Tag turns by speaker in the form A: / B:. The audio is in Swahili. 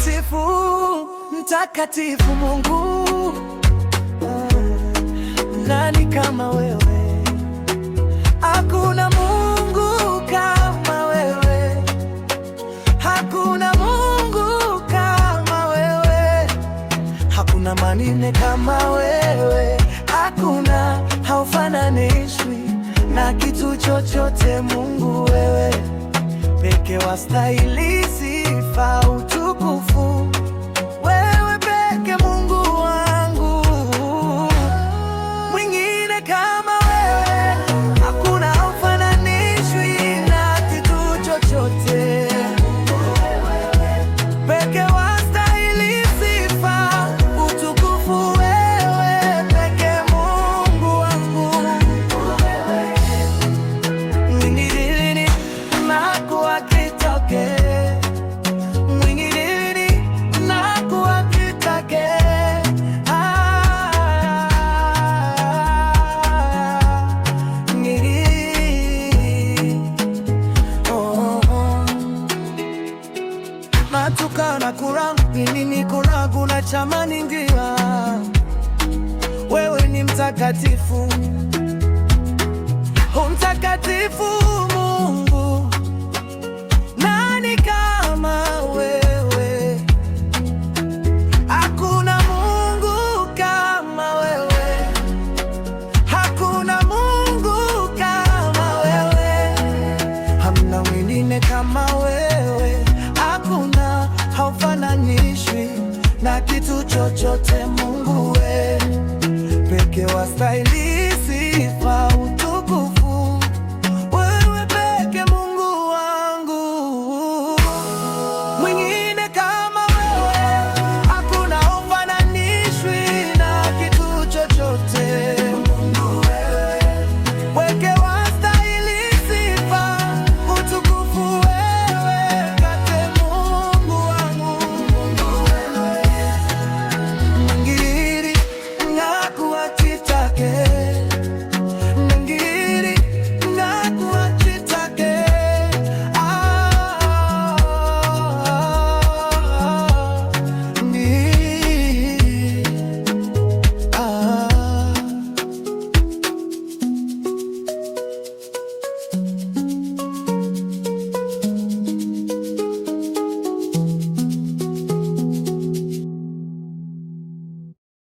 A: Mtakatifu, mtakatifu Mungu, ah, nani kama wewe? Hakuna Mungu kama wewe, hakuna Mungu kama wewe, hakuna manine kama wewe, hakuna haufananishwi na kitu chochote Mungu, wewe peke wastahili sifa. sana kura ninini na kuna chama ningia, wewe ni mtakatifu, mtakatifu Mungu na kitu chochote, Mungu we peke wastahili